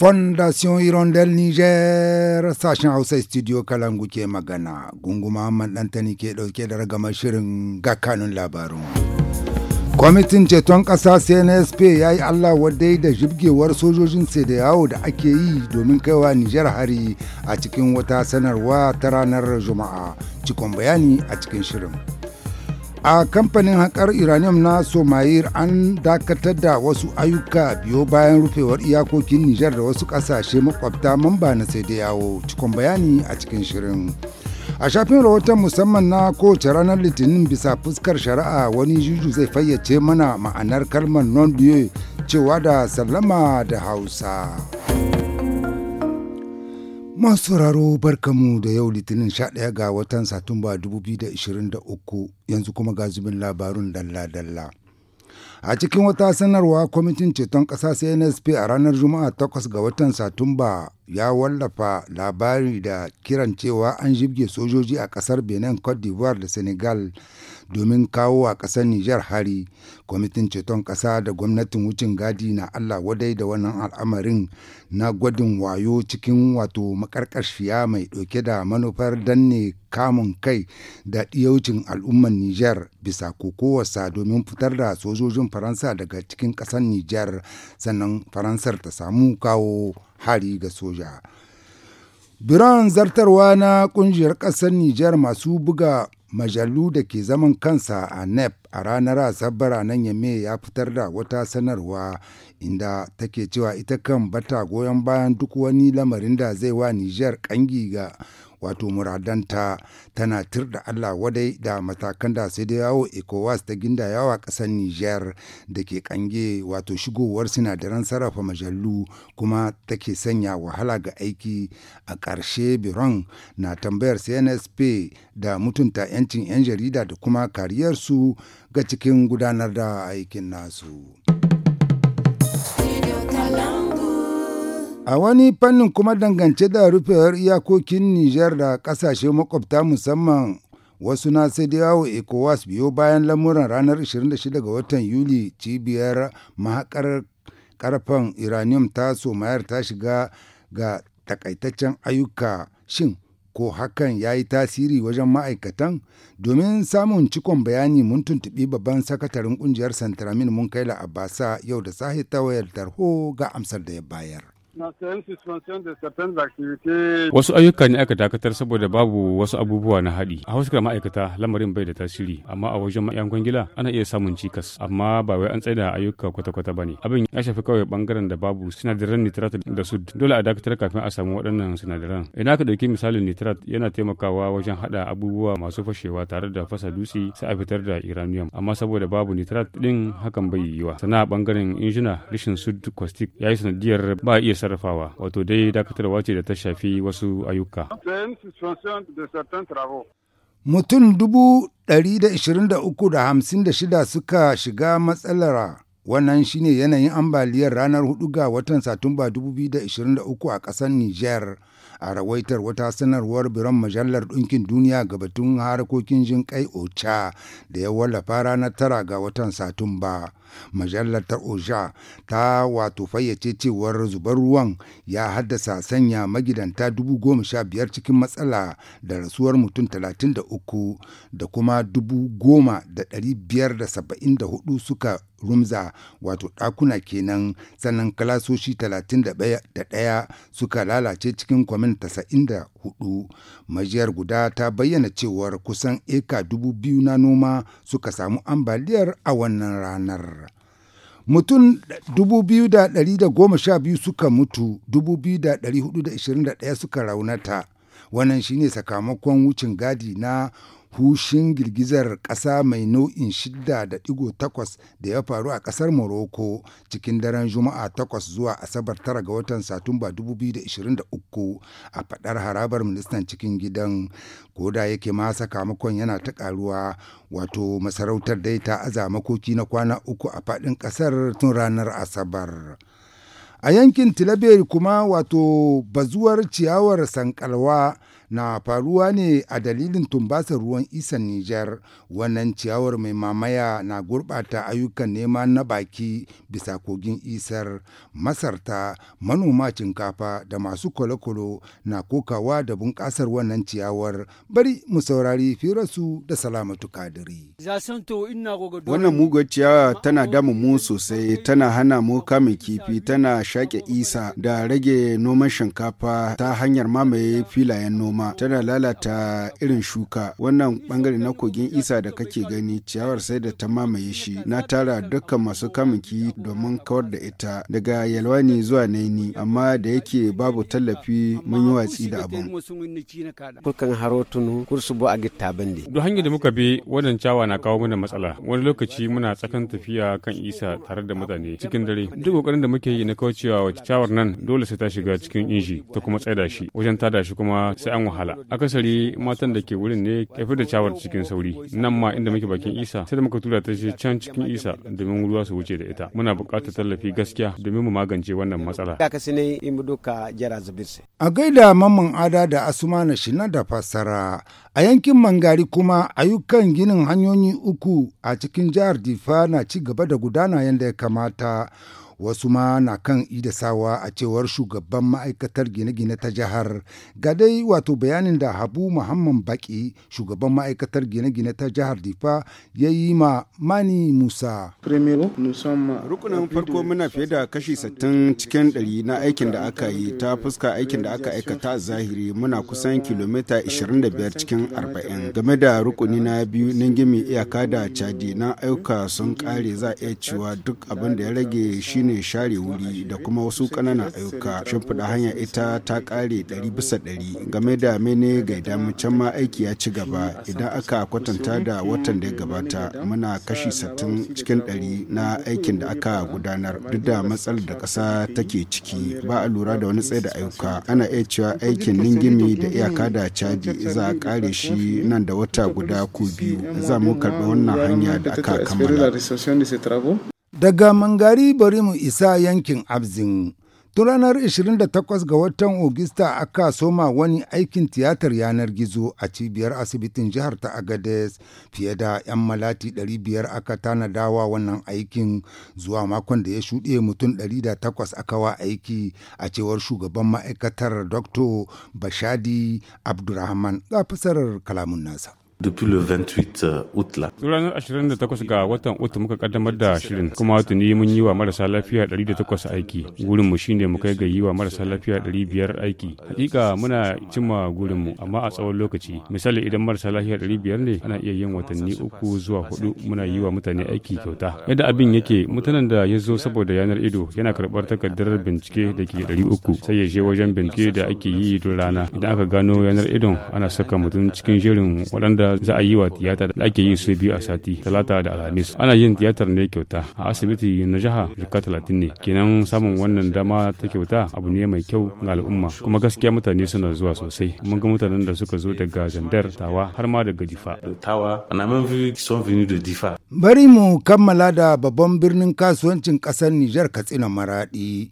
Fondation Hirondelle Niger sashen Hausa Studio Kalangu ke magana, gunguma Dantani ke ɗauke da ragamar shirin gakanun labarun. Kwamitin ceton ƙasa CNSP ya yi Allah wadai da jibgewar sojojin da yawo da ake yi domin kaiwa Nijar hari a cikin wata sanarwa ta ranar Juma'a, cikon bayani a cikin shirin. a kamfanin haƙar uranium na somayir an dakatar da wasu ayyuka biyo bayan rufewar iyakokin nijar da wasu ƙasashe makwabta mamba na sai da yawo cikon bayani a cikin shirin a shafin rahoton musamman na kowace ranar litinin bisa fuskar shari'a wani juju zai fayyace mana ma'anar kalmar non cewa da sallama da hausa. masu sauraro barkamu da yau litinin 11 ga watan satumba 2023 yanzu kuma ga zubin labarun dalla-dalla a cikin wata sanarwa kwamitin ceton ƙasa cnsp a ranar juma'a 8 ga watan satumba ya wallafa labari da kiran cewa an jibge sojoji a ƙasar benin cote d'ivoire da senegal domin kawo a ƙasar Nijar hari. Kwamitin ceton ƙasa da gwamnatin wucin gadi na Allah wadai da wannan al'amarin na gwadin wayo cikin wato makarƙashiya mai ɗauke da manufar danne kamun kai da ɗiyaucin al'ummar Nijar bisa kokowarsa domin fitar da sojojin Faransa daga cikin ƙasar Nijar sannan Faransar ta samu kawo hari ga soja. Biran zartarwa na ƙungiyar ƙasar Nijar masu buga majalu da ke zaman kansa a nep a ranar asabar a nan ya fitar da wata sanarwa inda take cewa ita kan bata goyon bayan duk wani lamarin da zai wa niger kangi ga wato muradanta tana tirda Allah wadai da matakan da sai da yawo ECOWAS ta ginda gindayawa ƙasar Niger da ke kange wato shigowar sinadaran sarrafa majallu kuma take sanya wahala ga aiki a ƙarshe Biron na tambayar CNSP da mutunta 'yancin 'yan jarida da kuma kariyarsu ga cikin gudanar da aikin nasu. A wani fannin kuma dangance da rufewar iyakokin Nijar da ƙasashe makwabta musamman wasu na sai da yawo ECOWAS biyo bayan lamuran ranar 26 ga watan Yuli cibiyar mahakar karfan iranium ta somayar ta shiga ga takaitaccen ayyuka shin ko hakan ya yi tasiri wajen ma'aikatan domin samun cikon bayani mun tuntuɓi babban sakataren ƙungiyar santramin mun kai la yau da sahi ta wayar tarho ga amsar da ya bayar. Wasu ayyuka ne aka dakatar saboda babu wasu abubuwa na haɗi. A hauskar ma'aikata lamarin bai da tasiri, amma a wajen ma'yan kwangila ana iya samun cikas, amma ba wai an tsaida ayyuka kwata-kwata ba ne. Abin ya shafi kawai bangaren da babu sinadaran nitrat da sud. Dole a dakatar kafin a samu waɗannan sinadaran. Ina ka ɗauki misalin nitrat yana taimakawa wajen haɗa abubuwa masu fashewa tare da fasa dutse sai a fitar da uranium, amma saboda babu nitrat ɗin hakan bai yiwa Sana'a bangaren injina rashin sud caustic ya yi sanadiyar ba iya sarrafawa wato dai dakatarwa ce da ta shafi wasu ayyuka mutum dubu da da da da ishirin uku hamsin shida suka shiga matsalar wannan shine yanayin ambaliyar ranar hudu ga watan satumba dubu biyu da da ishirin uku a ƙasar niger a rawaitar wata sanarwar biran majalar ɗinkin duniya ga batun harkokin jin kai ocha da ya wallafa ranar tara ga watan satumba majalar ta osha ta wato fayyace cewar zubar ruwan ya haddasa sanya magidanta dubu goma sha biyar cikin matsala da rasuwar mutum talatin da uku da kuma dubu goma da ɗari biyar da saba'in da hudu suka rumza wato ɗakuna kenan sannan kalasoshi 31 suka lalace cikin kwamin 94 majiyar guda ta bayyana cewar kusan eka dubu biyu na noma suka samu ambaliyar a wannan ranar. mutum 2,112 suka mutu 2,421 suka raunata wannan shine sakamakon wucin gadi na hushin girgizar ƙasa mai nau'in 6.8 da da ya faru a ƙasar Morocco cikin daren Juma'a 8 zuwa Asabar tara ga watan Satumba 2023 a faɗar harabar ministan cikin gidan koda yake ma sakamakon yana ta ƙaruwa wato masarautar dai ta aza makoki na kwana uku a faɗin ƙasar tun ranar Asabar. A yankin Tilaberi kuma wato bazuwar ciyawar sankalwa na faruwa ne a dalilin tumbasar ruwan isan Nijar wannan ciyawar mai mamaya na gurɓata ayyukan nema na baki bisa kogin isar masarta manoma cinkafa da masu kwale-kwale na kokawa da bunƙasar wannan ciyawar bari mu saurari firarsu da salamatu kadiri. Wannan mugar ciyawa tana damu mu sosai tana hana mu kamun kifi tana shaƙe isa da rage noman shinkafa ta hanyar mamaye filayen noma. kuma tana lalata irin shuka wannan bangare na kogin isa da kake gani ciyawar sai da ta mamaye shi na tara dukkan masu kamun domin kawar da ita daga yalwani zuwa naini amma da yake babu tallafi mun yi watsi da abin. Kulkan harotunu kursu bu a gitta bandi. Duk hanyar da muka bi wannan ciyawa na kawo mana matsala wani lokaci muna tsakan tafiya kan isa tare da mutane cikin dare duk kokarin da muke yi na kaucewa wa ciyawar nan dole sai ta shiga cikin inji ta kuma tsaida shi wajen tada shi kuma sai an wahala. Akasari matan da ke wurin ne kaifar da cawar cikin sauri. Nan ma inda muke bakin isa sai da muka tura ta je can cikin isa domin ruwa su wuce da ita. Muna buƙatar tallafi gaskiya domin mu magance wannan matsala. A gaida mamman ada da asumana shina da fassara. A yankin Mangari kuma ayyukan ginin hanyoyi uku a cikin jihar Difa na ci gaba da gudana yadda ya kamata. wasu ma na kan idasawa a cewar shugaban ma'aikatar gine-gine ta jihar ga dai wato bayanin da habu muhammad baki shugaban ma'aikatar gine-gine ta jihar difa ya yi ma mani musa rukunin farko muna fiye da kashi 60 cikin 100 na aikin da aka yi ta fuska aikin da aka aikata zahiri muna kusan kilomita 25 cikin 40 game da rukuni na biyu na gimi iyaka da cadi na aika sun kare za a iya cewa duk abin da ya rage shine ne share wuri da kuma wasu ƙananan ayyuka shimfiɗa hanya ita ta ƙare ɗari bisa ɗari game da mene gaida can ma aiki ya ci gaba idan aka kwatanta da watan da ya gabata muna kashi sattin cikin ɗari na aikin da aka gudanar duk da matsalar da ƙasa take ciki ba a lura da wani tsaye da ayyuka ana iya cewa aikin ningimi da iyaka da caji za a ƙare shi nan da wata guda ko biyu za mu karɓi wannan hanya da aka kammala Daga Mangari bari mu isa yankin Abzin. Tun ranar 28 ga watan Ogista aka soma wani aikin tiyatar yanar gizo a cibiyar asibitin jihar ta Agades fiye da 'yan malati 500 aka tanadawa wannan aikin zuwa makon da ya shuɗe mutum 108 aka wa aiki a cewar shugaban ma'aikatar Dr. Bashadi Abdulrahman ga fasarar kalamun nasa. Depuis le 28 euh, août là. Ranar 28 ga watan utu muka kaddamar da shirin kuma tuni mun yi wa marasa lafiya 108 aiki. Gurin mu shine mu kai ga yi wa marasa lafiya 500 aiki. Hakika muna cimma gurin mu amma a tsawon lokaci. Misali idan marasa lafiya 500 ne ana iya yin watanni uku zuwa hudu muna yi wa mutane aiki kyauta. Yadda abin yake mutanen da ya zo saboda yanar ido yana karɓar takardar bincike da ke 300 sai ya je wajen bincike da ake yi don rana. Idan aka gano yanar idon ana saka mutum cikin jerin waɗanda za a yi wa tiyata da ake yi su biyu a sati talata da alhamis ana yin tiyatar ne kyauta a asibiti na jiha jika talatin ne kenan samun wannan dama ta kyauta abu ne mai kyau ga al'umma kuma gaskiya mutane suna zuwa sosai mun ga mutanen da suka zo daga zandar tawa har ma daga difa bari mu kammala da babban birnin kasuwancin ƙasar nijar katsina maraɗi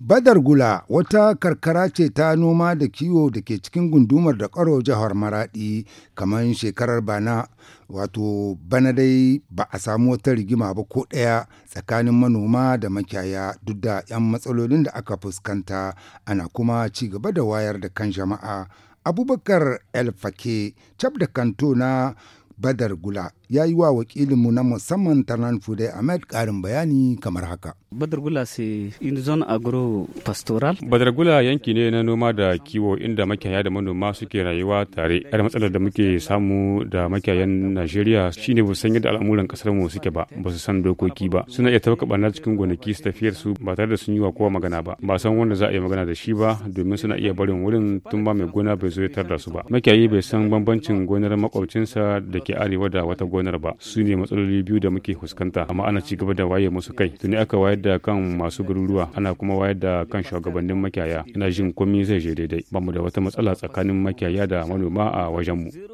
Badar Gula wata karkara ce ta noma da kiwo da ke cikin gundumar da ƙaro jihar Maraɗi kamar shekarar bana wato bana dai ba a samu wata rigima ba ko ɗaya tsakanin manoma da makiyaya duk da 'yan matsalolin da aka fuskanta ana kuma ci gaba da wayar da kan jama'a. Abubakar El Fake, cab da kanto na Badar Gula ya yi wa wakilinmu na musamman Tarnan Fudai Ahmed karin bayani kamar haka. Badar Gula se in agro pastoral. Badar Gula yanki ne na noma da kiwo inda makiyaya da manoma suke rayuwa tare. Yar matsalar da muke samu da makiyayan Najeriya shine ba san yadda al'amuran kasar mu suke ba, ba su san dokoki ba. Suna iya tafka bana cikin gonaki su tafiyar su ba tare da sun yi wa kowa magana ba. Ba san wanda za a yi magana da shi ba domin suna iya barin wurin tun ba mai gona bai zo ya tar su ba. Makiyayi bai san bambancin gonar makwabcinsa da ke arewa da wata gonar ba su ne matsaloli biyu da muke fuskanta amma ana ci gaba da waye musu kai tuni aka wayar da kan masu garuruwa ana kuma wayar da kan shugabannin makiyaya ina jin komai zai je daidai bamu da wata matsala tsakanin makiyaya da manoma a wajenmu.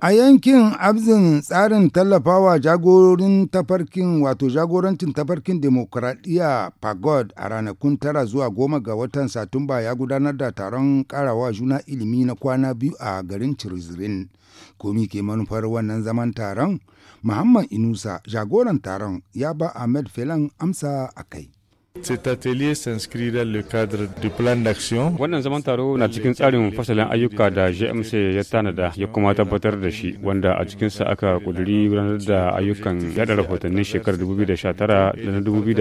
A yankin abzin tsarin tallafawa jagorin tafarkin wato jagorancin tafarkin demokuraɗiyya pagod a ranakun tara zuwa goma ga watan Satumba ya gudanar da taron karawa juna ilimi na kwana biyu a garin cirizirin. Komi ke manufar wannan zaman taron? Muhammad Inusa jagoran taron ya ba Ahmed Felan amsa a kai. Cet atelier s'inscrit dans le cadre du plan d'action. Wannan zaman taro na cikin tsarin fasalin ayyuka da GMC ya tanada ya kuma tabbatar da shi wanda a cikinsa aka kuduri gudanar da ayyukan yada rahotannin shekarar 2019 da na 2020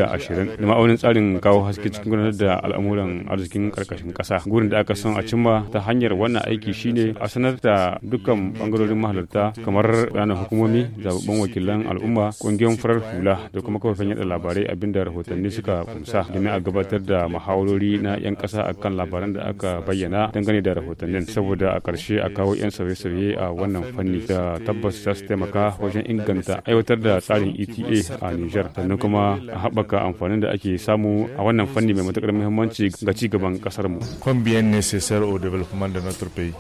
da ma'aunin tsarin kawo haske cikin gudanar da al'amuran arzikin karkashin kasa. Gurin da aka son a cimma ta hanyar wannan aiki shine a sanar da dukkan bangarorin mahalarta kamar ranar hukumomi, zababban wakilan al'umma, kungiyoyin farar hula da kuma kafafen yada labarai abinda rahotanni suka amsa domin a gabatar da muhawarori na 'yan ƙasa kan labaran da aka bayyana dangane da rahotannin saboda a karshe a kawo 'yan sauye-sauye a wannan fanni da tabbas za su taimaka wajen inganta aiwatar da tsarin ETA a niger. sannan kuma a haɓaka amfanin da ake samu a wannan fanni mai matuƙar muhimmanci ga ci gaban ƙasarmu. mu nécessaire développement de notre pays?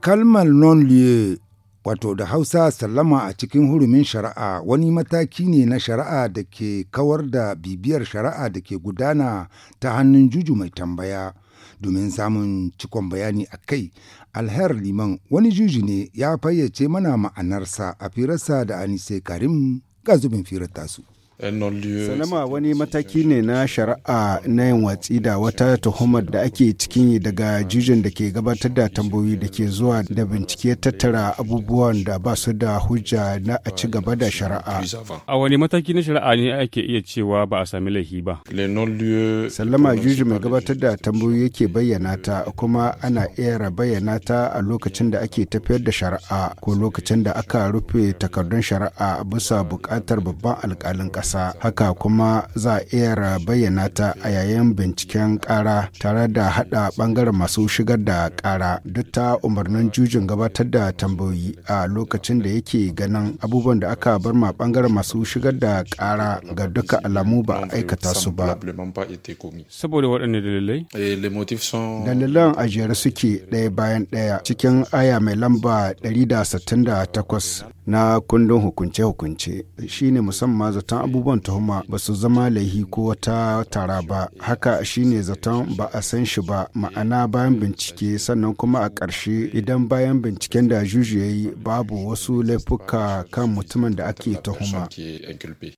kalmar non lieu wato da hausa sallama a cikin hurumin shari'a wani mataki ne na shari'a da ke kawar da bibiyar shari'a da ke gudana ta hannun juju mai tambaya domin samun cikon bayani a kai alher liman wani juji ne ya fayyace mana ma'anarsa a firarsa da anise karim ga zubin firar tasu. Salama wani mataki ne na shari'a na yin watsi da wata tuhumar da ake cikin yi daga jijin da ke gabatar da tambayoyi da ke zuwa da bincike tattara abubuwan da ba su da hujja na a ci gaba da shari'a. A wani mataki na shari'a ne ake iya cewa ba a sami laifi ba. Salama juji mai gabatar da tambayoyi yake bayyana ta kuma ana iya bayyana ta a lokacin da ake tafiyar da shari'a ko lokacin da aka rufe takardun shari'a bisa buƙatar babban alƙalin ƙasa. ƙasa haka kuma za a iya bayyana ta a yayin binciken ƙara tare da haɗa ɓangaren masu shigar da ƙara duk ta umarnin jujin gabatar da tambayoyi a lokacin da yake ganin abubuwan da aka bar ma ɓangaren masu shigar da ƙara ga duka alamu ba a aikata su ba. Saboda waɗanne dalilai? Eh, Dalilan ajiyar suke ɗaya bayan ɗaya cikin aya mai lamba 168 na kundin hukunce-hukunce shine musamman zaton abubuwan abubuwan tuhuma ba su zama laihi ko wata tara ba haka shine zaton ba a san shi ba ma'ana bayan bincike sannan kuma a ƙarshe idan bayan binciken da juju ya yi babu wasu laifuka kan mutumin da ake tuhuma.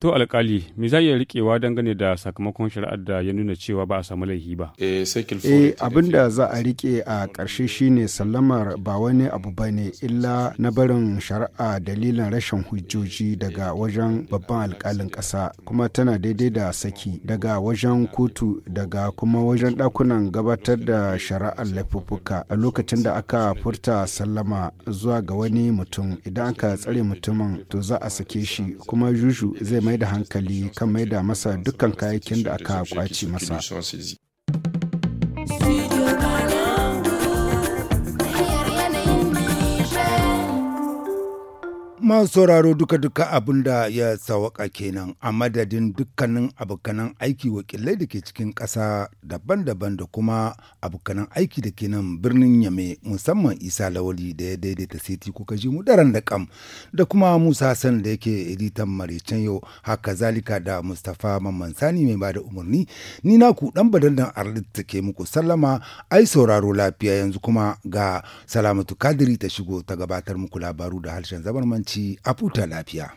To alkali me za iya rikewa dangane da sakamakon shari'ar da ya nuna cewa ba a samu laihi ba? Eh, eh abin da za a rike a ƙarshe shine sallamar ba wani abu ba ne illa na barin shari'a dalilin rashin hujjoji daga wajen babban alkalin ƙasa. ƙasa kuma tana daidai da saki daga wajen kotu daga kuma wajen ɗakunan gabatar da shari'ar laifuffuka a lokacin da aka furta sallama zuwa ga wani mutum idan aka tsare mutumin to za a sake shi kuma juju zai mai da hankali kan mai da masa dukkan kayakin da aka kwaci masa. masu sauraro duka-duka abin da ya sawaka kenan a madadin dukkanin abokanan aiki wakilai da ke cikin ƙasa daban-daban da kuma abokanan aiki da ke nan birnin yame musamman isa lawali da ya daidaita seti kuka ji mu daren da kam da kuma musa san da yake editan maricen yau haka zalika da mustapha mamman sani mai bada umarni ni naku dan badandan arlit ke muku sallama ai sauraro lafiya yanzu kuma ga salamatu kadiri ta shigo ta gabatar muku labaru da harshen zamanmanci abuta a futa lafiya.